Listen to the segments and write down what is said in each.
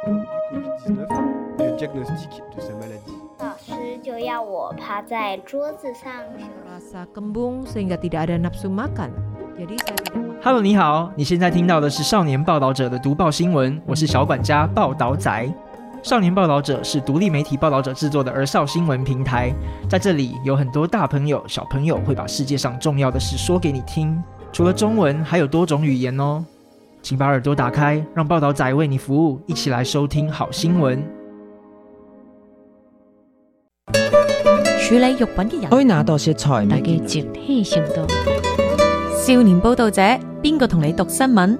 老師就要我趴在桌子上。我覺得腫脹，所以並沒有任何食慾。Hello，你好，你現在聽到的是少年報導者的讀報新聞，我是小管家報導仔。少年報導者是獨立媒體報導者製作的兒少新聞平台，在這裡有很多大朋友、小朋友會把世界上重要的事說給你聽，除了中文，還有多種語言哦。請把耳朵打開，讓報道仔為你服務，一起來收聽好新聞。處理用品嘅人開那道食材。第幾節？聽唔到。少年報道者，邊個同你讀新聞？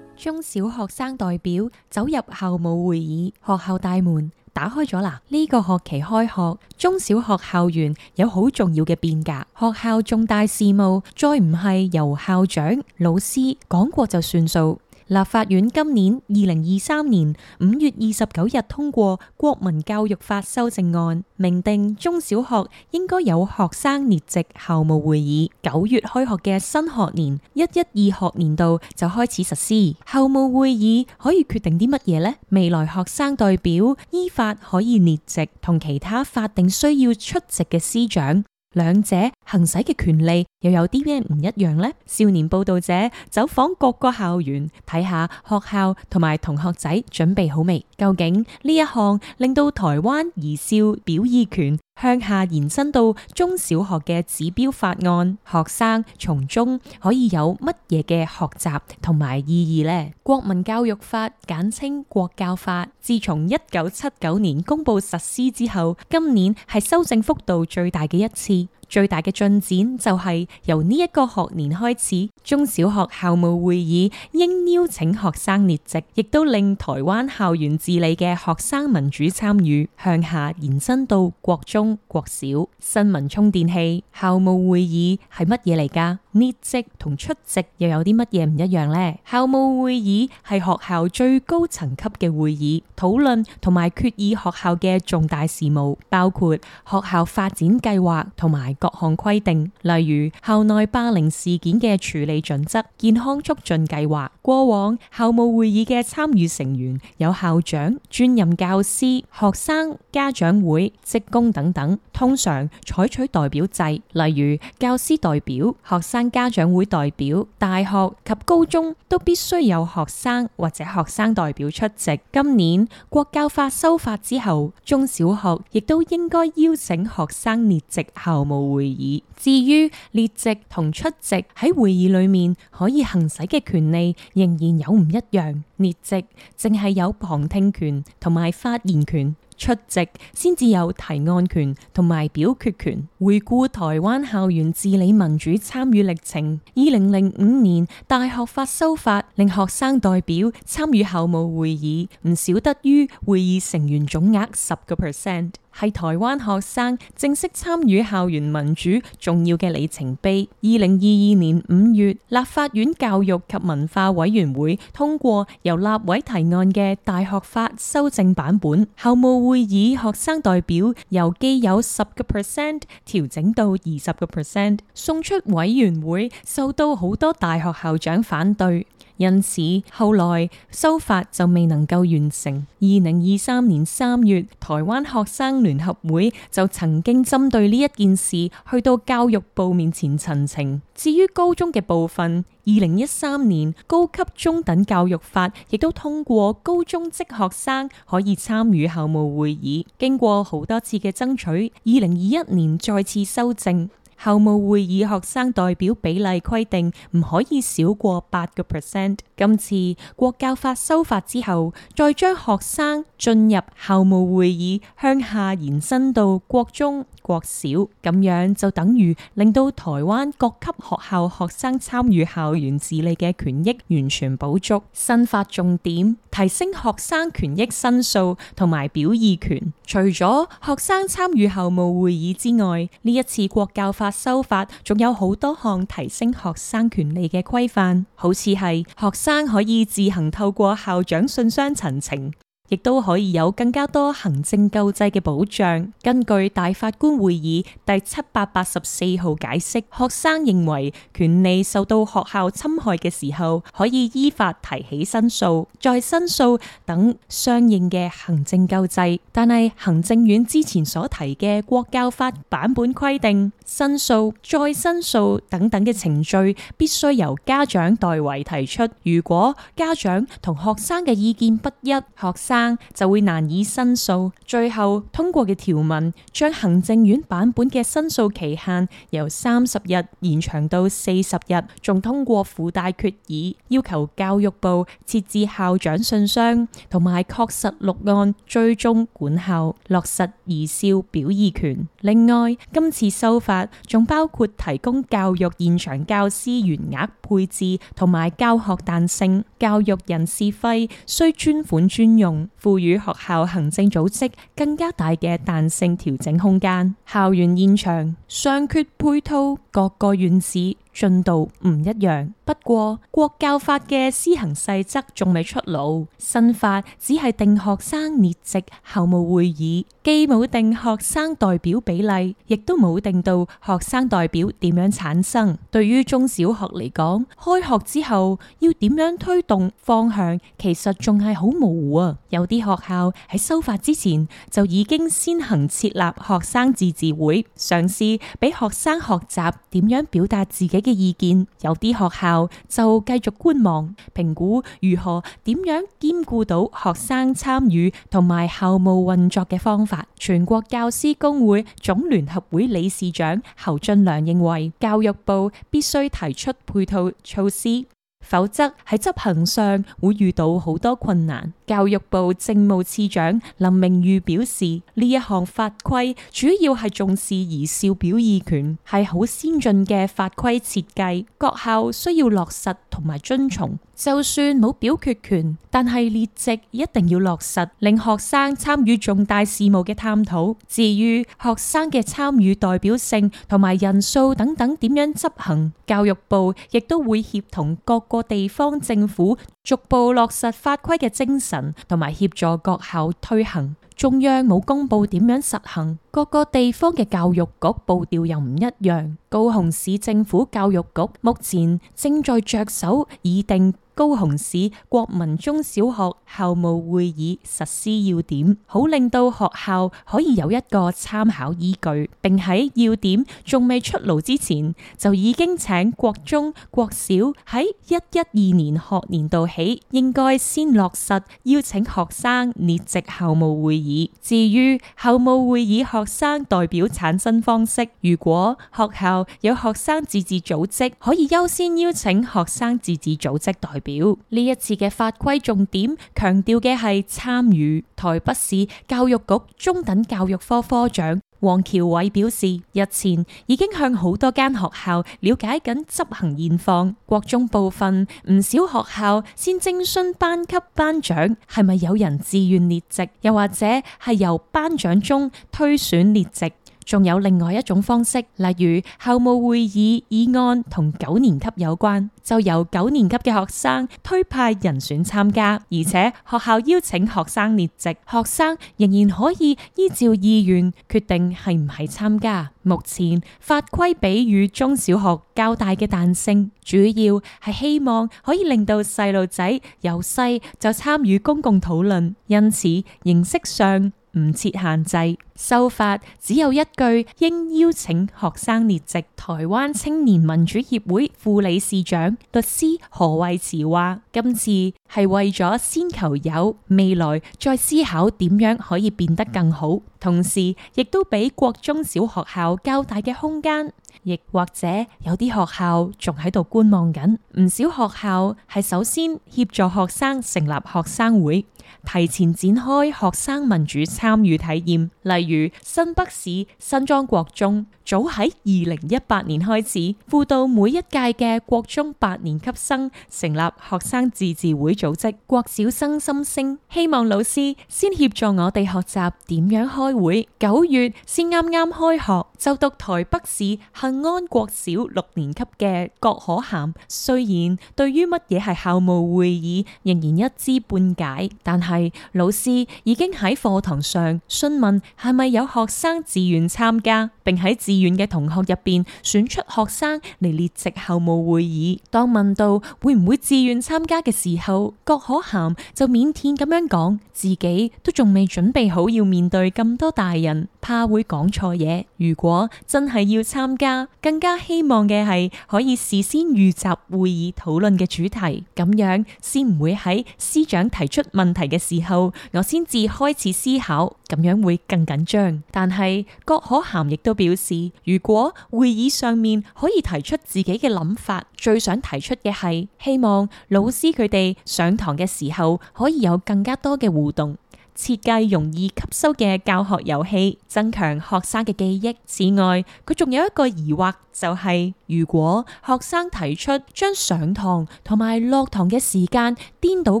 中小學生代表走入校務會議，學校大門。打開咗啦！呢、這個學期開學，中小學校園有好重要嘅變革，學校重大事務再唔係由校長、老師講過就算數。立法院今年二零二三年五月二十九日通過國民教育法修正案，明定中小學應該有學生列席校務會議。九月開學嘅新學年一一二學年度就開始實施。校務會議可以決定啲乜嘢呢？未來學生代表依法可以列席，同其他法定需要出席嘅師長。兩者行使嘅權利又有啲咩唔一樣呢？少年報導者走訪各個校園，睇下學校同埋同學仔準備好未？究竟呢一項令到台灣兒少表意權向下延伸到中小學嘅指標法案，學生從中可以有乜嘢嘅學習同埋意義咧？國民教育法簡稱國教法，自從一九七九年公布實施之後，今年係修正幅度最大嘅一次。最大嘅進展就係由呢一個學年開始，中小學校務會議應邀請學生列席，亦都令台灣校園治理嘅學生民主參與向下延伸到國中、國小。新聞充電器，校務會議係乜嘢嚟㗎？列席同出席又有啲乜嘢唔一樣咧？校務會議係學校最高層級嘅會議，討論同埋決議學校嘅重大事務，包括學校發展計劃同埋各項規定，例如校內霸凌事件嘅處理準則、健康促進計劃。過往校務會議嘅參與成員有校長、專任教師、學生、家長會、職工等等，通常採取代表制，例如教師代表、學生。家長會代表、大學及高中都必須有學生或者學生代表出席。今年國教法修法之後，中小學亦都應該邀請學生列席校務會議。至於列席同出席喺會議裏面可以行使嘅權利，仍然有唔一樣。列席淨係有旁聽權同埋發言權。出席先至有提案權同埋表決權。回顧台灣校園治理民主參與歷程，二零零五年大學法修法，令學生代表參與校務會議，唔少得於會議成員總額十個 percent。係台灣學生正式參與校園民主重要嘅里程碑。二零二二年五月，立法院教育及文化委員會通過由立委提案嘅《大學法》修正版本，校務會議學生代表由既有十個 percent 調整到二十個 percent，送出委員會，受到好多大學校長反對。因此，後來修法就未能夠完成。二零二三年三月，台灣學生聯合會就曾經針對呢一件事去到教育部面前陳情。至於高中嘅部分，二零一三年《高級中等教育法》亦都通過高中職學生可以參與校務會議。經過好多次嘅爭取，二零二一年再次修正。校務會議學生代表比例規定唔可以少過八個 percent。今次國教法修法之後，再將學生進入校務會議向下延伸到國中、國小，咁樣就等於令到台灣各級學校學生參與校園治理嘅權益完全補足。新法重點，提升學生權益申訴同埋表意權。除咗學生參與校務會議之外，呢一次國教法。修法仲有好多項提升學生權利嘅規範，好似係學生可以自行透過校長信箱陳情。亦都可以有更加多行政救濟嘅保障。根據大法官會議第七百八十四號解釋，學生認為權利受到學校侵害嘅時候，可以依法提起申訴、再申訴等相應嘅行政救濟。但係行政院之前所提嘅國教法版本規定，申訴、再申訴等等嘅程序必須由家長代為提出。如果家長同學生嘅意見不一，學生。就會難以申訴，最後通過嘅條文將行政院版本嘅申訴期限由三十日延長到四十日，仲通過附帶決議要求教育部設置校長信箱，同埋確實錄案追蹤管校，落實兒少表意權。另外，今次修法仲包括提供教育現場教師員額配置，同埋教學彈性教育人事費需專款專用。賦予學校行政組織更加大嘅彈性調整空間，校園現場尚缺配套各個院子。進度唔一樣，不過國教法嘅施行細則仲未出爐，新法只係定學生列席校務會議，既冇定學生代表比例，亦都冇定到學生代表點樣產生。對於中小學嚟講，開學之後要點樣推動方向，其實仲係好模糊啊！有啲學校喺修法之前就已經先行設立學生自治會，嘗試俾學生學習點樣表達自己。嘅意見，有啲學校就繼續觀望，評估如何點樣兼顧到學生參與同埋校務運作嘅方法。全國教師工會總聯合會理事長侯俊良認為，教育部必須提出配套措施。否則喺執行上會遇到好多困難。教育部政務次長林明玉表示，呢一項法規主要係重視兒少表意權，係好先進嘅法規設計，各校需要落實同埋遵從。就算冇表決權，但係列席一定要落實，令學生參與重大事務嘅探討，至於學生嘅參與代表性同埋人數等等點樣執行，教育部亦都會協同各個地方政府逐步落實法規嘅精神，同埋協助各校推行。中央冇公布點樣實行，各個地方嘅教育局步調又唔一樣，高雄市政府教育局目前正在着手擬定。高雄市國民中小學校務會議實施要點，好令到學校可以有一個參考依據，並喺要點仲未出爐之前，就已經請國中、國小喺一一二年學年度起應該先落實邀請學生列席校務會議。至於校務會議學生代表產生方式，如果學校有學生自治組織，可以優先邀請學生自治組織代表。呢一次嘅法規重點強調嘅係參與。台北市教育局中等教育科科長黃喬偉表示，日前已經向好多間學校了解緊執行現況，國中部分唔少學校先徵詢班級班長係咪有人自願列席，又或者係由班長中推選列席。仲有另外一種方式，例如校務會議議案同九年級有關，就由九年級嘅學生推派人選參加，而且學校邀請學生列席，學生仍然可以依照意願決定係唔係參加。目前法規俾予中小學較大嘅彈性，主要係希望可以令到細路仔由細就參與公共討論，因此形式上。唔設限制，修法只有一句，應邀請學生列席。台灣青年民主協會副理事長律師何惠慈話：今次係為咗先求有，未來再思考點樣可以變得更好。同時，亦都俾國中小學校較大嘅空間，亦或者有啲學校仲喺度觀望緊。唔少學校係首先協助學生成立學生會。提前展開學生民主參與體驗，例如新北市新莊國中早喺二零一八年開始輔導每一屆嘅國中八年級生成立學生自治會組織國小生心聲，希望老師先協助我哋學習點樣開會。九月先啱啱開學就讀台北市幸安國小六年級嘅郭可涵，雖然對於乜嘢係校務會議仍然一知半解，但但係老師已經喺課堂上詢問係咪有學生自願參加，並喺自願嘅同學入邊選出學生嚟列席校務會議。當問到會唔會自願參加嘅時候，郭可涵就腼腆咁樣講，自己都仲未準備好要面對咁多大人，怕會講錯嘢。如果真係要參加，更加希望嘅係可以事先預習會議討論嘅主題，咁樣先唔會喺師長提出問題。嘅時候，我先至開始思考，咁樣會更緊張。但係郭可涵亦都表示，如果會議上面可以提出自己嘅諗法，最想提出嘅係希望老師佢哋上堂嘅時候可以有更加多嘅互動，設計容易吸收嘅教學遊戲，增強學生嘅記憶。此外，佢仲有一個疑惑，就係、是。如果學生提出將上堂同埋落堂嘅時間顛倒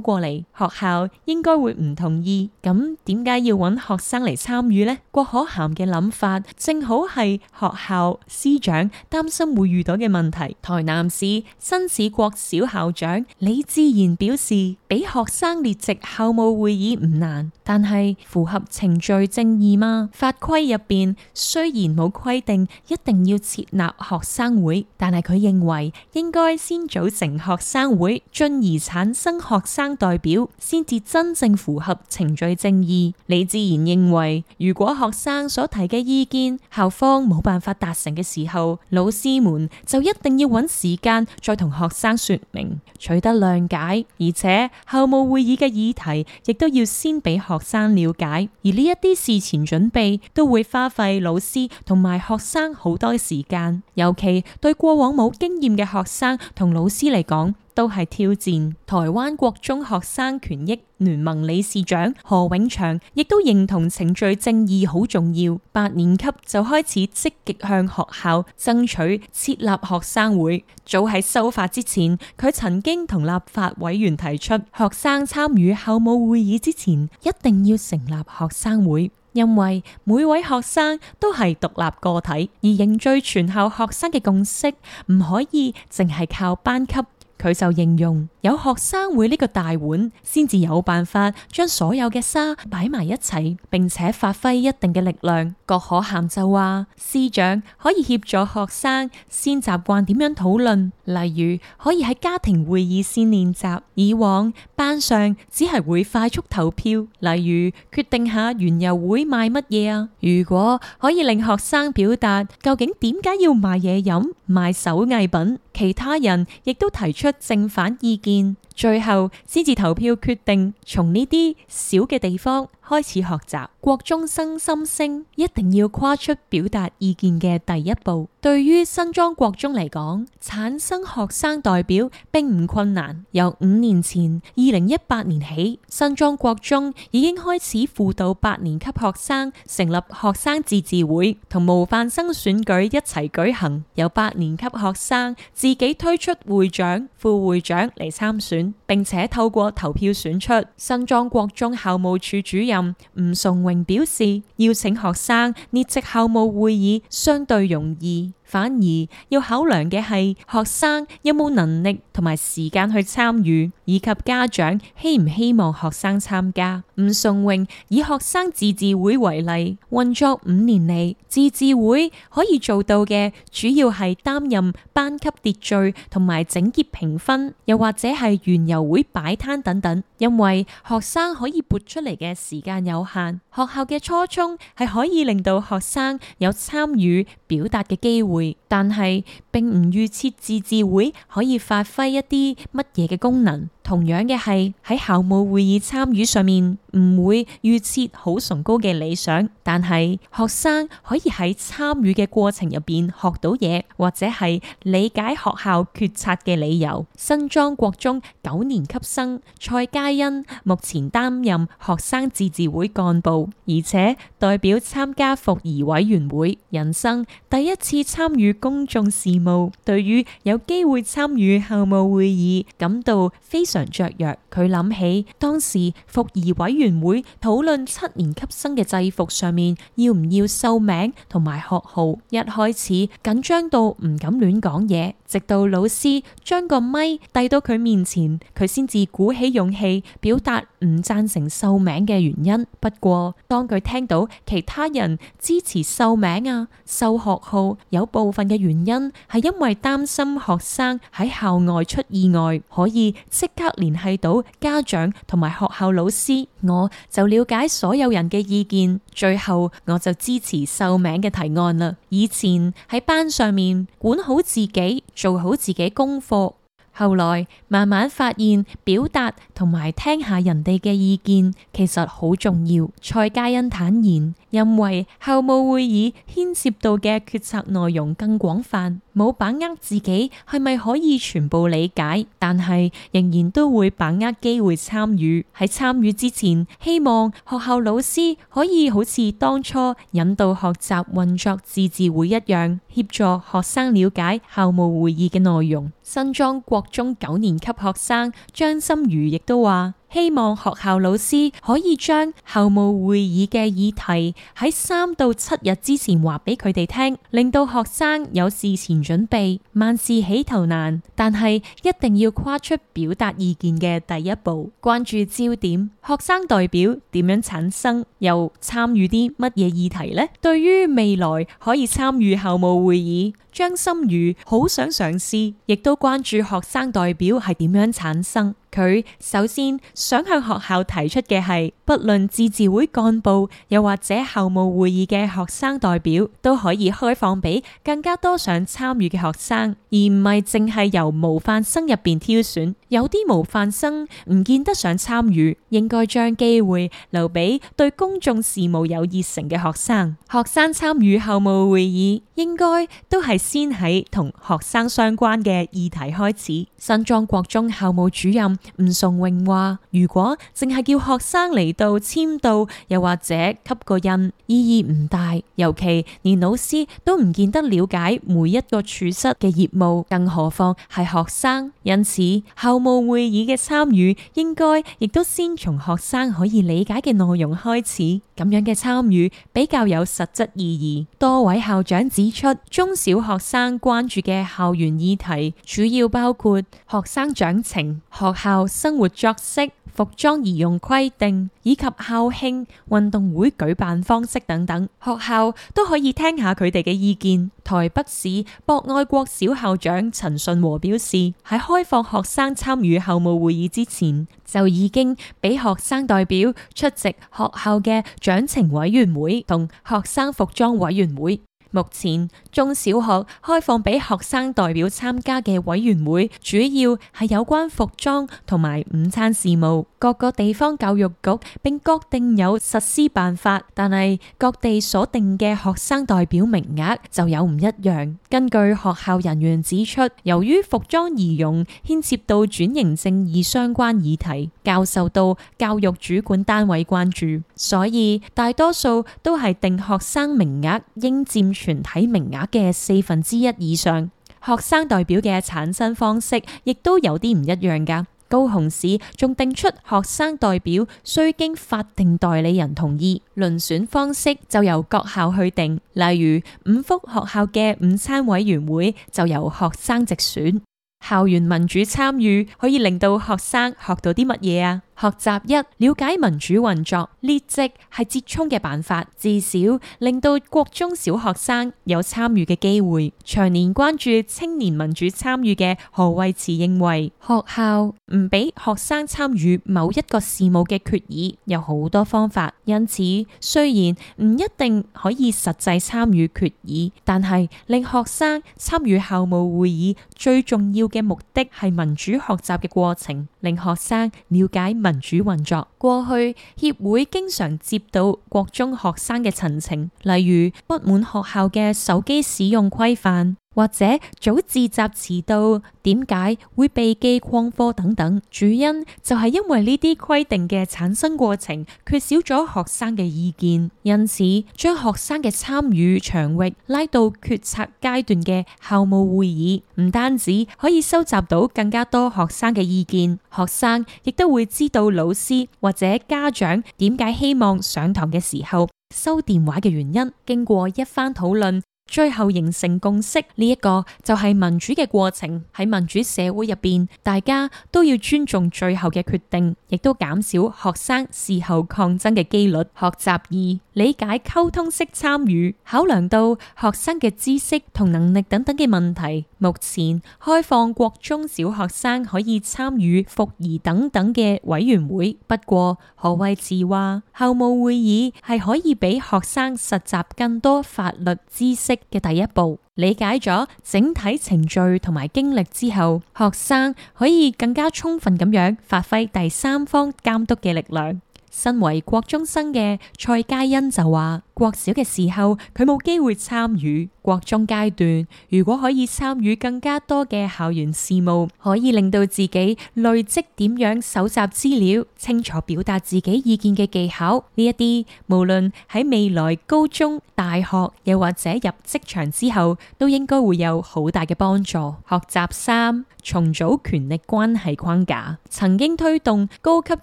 過嚟，學校應該會唔同意。咁點解要揾學生嚟參與呢？郭可涵嘅諗法正好係學校師長擔心會遇到嘅問題。台南市新市國小校長李志賢表示，俾學生列席校務會議唔難，但係符合程序正義嗎？法規入邊雖然冇規定一定要設立學生會。但係佢認為應該先組成學生會，進而產生學生代表，先至真正符合程序正義。李自然認為，如果學生所提嘅意見校方冇辦法達成嘅時候，老師們就一定要揾時間再同學生說明，取得諒解。而且校務會議嘅議題亦都要先俾學生了解，而呢一啲事前準備都會花費老師同埋學生好多時間，尤其對對過往冇經驗嘅學生同老師嚟講，都係挑戰。台灣國中學生權益聯盟理事長何永祥亦都認同程序正義好重要。八年級就開始積極向學校爭取設立學生會。早喺修法之前，佢曾經同立法委員提出，學生參與校務會議之前，一定要成立學生會。因為每位學生都係獨立個體，而凝聚全校學生嘅共識，唔可以淨係靠班級。佢就形容有學生會呢個大碗，先至有辦法將所有嘅沙擺埋一齊，並且發揮一定嘅力量。郭可涵就話，師長可以協助學生先習慣點樣討論，例如可以喺家庭會議先練習。以往班上只係會快速投票，例如決定下園遊會賣乜嘢啊。如果可以令學生表達究竟點解要賣嘢飲、賣手藝品。其他人亦都提出正反意見，最後先至投票決定從呢啲小嘅地方，開始學習國中生心聲，一定要跨出表達意見嘅第一步。對於新莊國中嚟講，產生學生代表並唔困難。由五年前二零一八年起，新莊國中已經開始輔導八年級學生成立學生自治會，同模範生選舉一齊舉行。由八年級學生自己推出會長、副會長嚟參選，並且透過投票選出新莊國中校務處主任。吳崇榮表示，邀請學生列席校務會議相對容易。反而要考量嘅係學生有冇能力同埋時間去參與，以及家長希唔希望學生參加。吳崇榮以學生自治會為例，運作五年嚟，自治會可以做到嘅主要係擔任班級秩序同埋整潔評分，又或者係園遊會擺攤等等。因為學生可以撥出嚟嘅時間有限，學校嘅初衷係可以令到學生有參與表達嘅機會。但係，並唔預設自治會可以發揮一啲乜嘢嘅功能。同樣嘅，係喺校務會議參與上面，唔會預設好崇高嘅理想，但係學生可以喺參與嘅過程入邊學到嘢，或者係理解學校決策嘅理由。新莊國中九年級生蔡嘉欣目前擔任學生自治會幹部，而且代表參加服儀委員會，人生第一次參與公眾事務，對於有機會參與校務會議感到非常。着藥，佢諗起當時服儀委員會討論七年級生嘅制服上面要唔要繡名同埋學號，一開始緊張到唔敢亂講嘢，直到老師將個咪遞到佢面前，佢先至鼓起勇氣表達唔讚成繡名嘅原因。不過當佢聽到其他人支持繡名啊、繡學號，有部分嘅原因係因為擔心學生喺校外出意外，可以即刻。聯繫到家長同埋學校老師，我就了解所有人嘅意見，最後我就支持授名嘅提案啦。以前喺班上面管好自己，做好自己功課。後來慢慢發現，表達同埋聽下人哋嘅意見，其實好重要。蔡嘉欣坦言，因為校務會議牽涉到嘅決策內容更廣泛，冇把握自己係咪可以全部理解，但係仍然都會把握機會參與。喺參與之前，希望學校老師可以好似當初引導學習運作自治會一樣，協助學生了解校務會議嘅內容。新莊國中九年級學生張心如亦都話。希望學校老師可以將校務會議嘅議題喺三到七日之前話俾佢哋聽，令到學生有事前準備。萬事起頭難，但係一定要跨出表達意見嘅第一步。關注焦點，學生代表點樣產生，又參與啲乜嘢議題呢？對於未來可以參與校務會議，張心如好想嘗試，亦都關注學生代表係點樣產生。佢首先想向學校提出嘅係，不論自治會幹部又或者校務會議嘅學生代表，都可以開放俾更加多想參與嘅學生，而唔係淨係由模範生入面挑選。有啲模範生唔見得想參與，應該將機會留俾對公眾事務有熱誠嘅學生。學生參與校務會議，應該都係先喺同學生相關嘅議題開始。新莊國中校務主任，吳崇榮話：如果淨係叫學生嚟到簽到，又或者給個印，意義唔大。尤其連老師都唔見得了解每一個處室嘅業務，更何況係學生。因此，校務會議嘅參與應該亦都先從學生可以理解嘅內容開始，咁樣嘅參與比較有實質意義。多位校長指出，中小學生關注嘅校園議題，主要包括學生獎懲、學校。校生活作息、服裝儀容規定以及校慶運動會舉辦方式等等，學校都可以聽下佢哋嘅意見。台北市博愛國小校長陳順和表示，喺開放學生參與校務會議之前，就已經俾學生代表出席學校嘅獎懲委員會同學生服裝委員會。目前中小學開放俾學生代表參加嘅委員會，主要係有關服裝同埋午餐事務。各個地方教育局並確定有實施辦法，但係各地所定嘅學生代表名額就有唔一樣。根據學校人員指出，由於服裝儀容牽涉到轉型正義相關議題，較受到教育主管單位關注，所以大多數都係定學生名額應佔全體名額嘅四分之一以上。學生代表嘅產生方式，亦都有啲唔一樣㗎。高雄市仲訂出學生代表需經法定代理人同意，輪選方式就由各校去定。例如五福學校嘅午餐委員會就由學生直選。校園民主參與可以令到學生學到啲乜嘢啊？學習一了解民主運作，列席係折衷嘅辦法，至少令到國中小學生有參與嘅機會。長年關注青年民主參與嘅何慧慈認為，學校唔俾學生參與某一個事務嘅決議有好多方法，因此雖然唔一定可以實際參與決議，但係令學生參與校務會議最重要嘅目的係民主學習嘅過程，令學生了解民民主運作，過去協會經常接到國中學生嘅陳情，例如不滿學校嘅手機使用規範。或者早自習遲到點解會被記曠課等等，主因就係因為呢啲規定嘅產生過程缺少咗學生嘅意見，因此將學生嘅參與場域拉到決策階段嘅校務會議，唔單止可以收集到更加多學生嘅意見，學生亦都會知道老師或者家長點解希望上堂嘅時候收電話嘅原因，經過一番討論。最後形成共識，呢一個就係民主嘅過程。喺民主社會入邊，大家都要尊重最後嘅決定，亦都減少學生事後抗爭嘅幾率。學習二，理解溝通式參與，考量到學生嘅知識同能力等等嘅問題。目前開放國中小學生可以參與服儀、等等嘅委員會，不過何惠智話，校務會議係可以俾學生實習更多法律知識嘅第一步。理解咗整體程序同埋經歷之後，學生可以更加充分咁樣發揮第三方監督嘅力量。身為國中生嘅蔡嘉欣就話。國小嘅時候，佢冇機會參與國中階段。如果可以參與更加多嘅校園事務，可以令到自己累積點樣蒐集資料、清楚表達自己意見嘅技巧。呢一啲，無論喺未來高中、大學又或者入職場之後，都應該會有好大嘅幫助。學習三：重組權力關係框架，曾經推動高級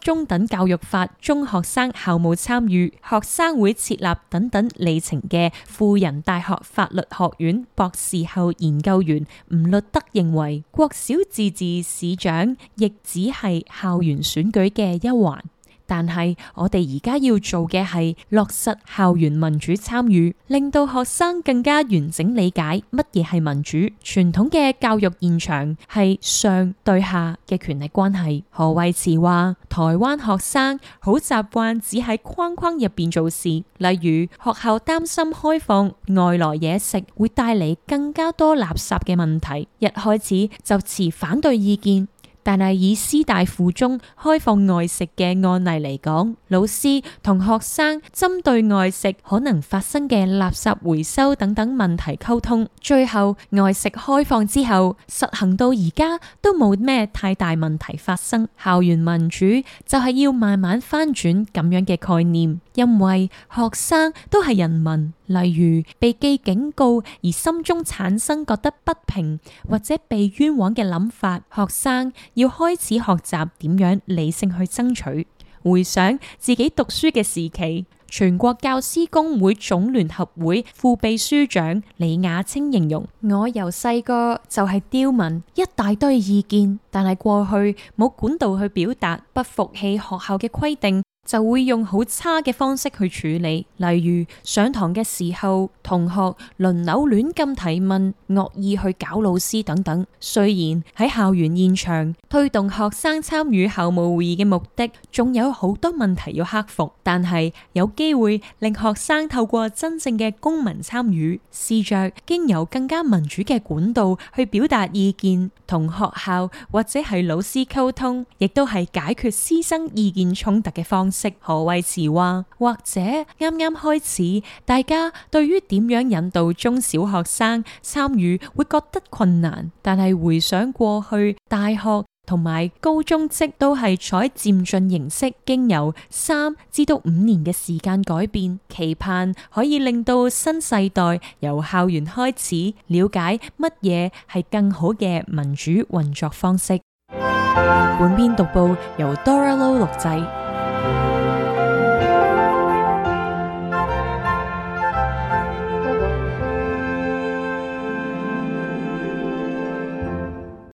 中等教育法中學生校務參與、學生會設立等。等里程嘅輔仁大學法律學院博士後研究員吳律德認為，國小自治市長亦只係校園選舉嘅一環。但係我哋而家要做嘅係落實校園民主參與，令到學生更加完整理解乜嘢係民主。傳統嘅教育現場係上對下嘅權力關係。何惠慈話：台灣學生好習慣只喺框框入邊做事，例如學校擔心開放外來嘢食會帶嚟更加多垃圾嘅問題，一開始就持反對意見。但係以師大附中開放外食嘅案例嚟講，老師同學生針對外食可能發生嘅垃圾回收等等問題溝通，最後外食開放之後實行到而家都冇咩太大問題發生。校園民主就係要慢慢翻轉咁樣嘅概念，因為學生都係人民。例如被記警告而心中產生覺得不平或者被冤枉嘅諗法，學生。要開始學習點樣理性去爭取。回想自己讀書嘅時期，全國教師工會總聯合會副秘書長李亞清形容：我由細個就係刁民，一大堆意見，但係過去冇管道去表達，不服氣學校嘅規定，就會用好差嘅方式去處理，例如上堂嘅時候同學輪流亂咁提問、惡意去搞老師等等。雖然喺校園現場推動學生參與校務會議嘅目的，仲有好多問題要克服，但係有機會令學生透過真正嘅公民參與，試着經由更加民主嘅管道去表達意見，同學校或者係老師溝通，亦都係解決師生意見衝突嘅方式。何謂時話，或者啱啱開始，大家對於點樣引導中小學生參與會覺得困難，但係回想過去大學同埋高中職都係採漸進形式，經由三至到五年嘅時間改變，期盼可以令到新世代由校園開始了解乜嘢係更好嘅民主運作方式。 本篇讀報由 Dora Low 錄製。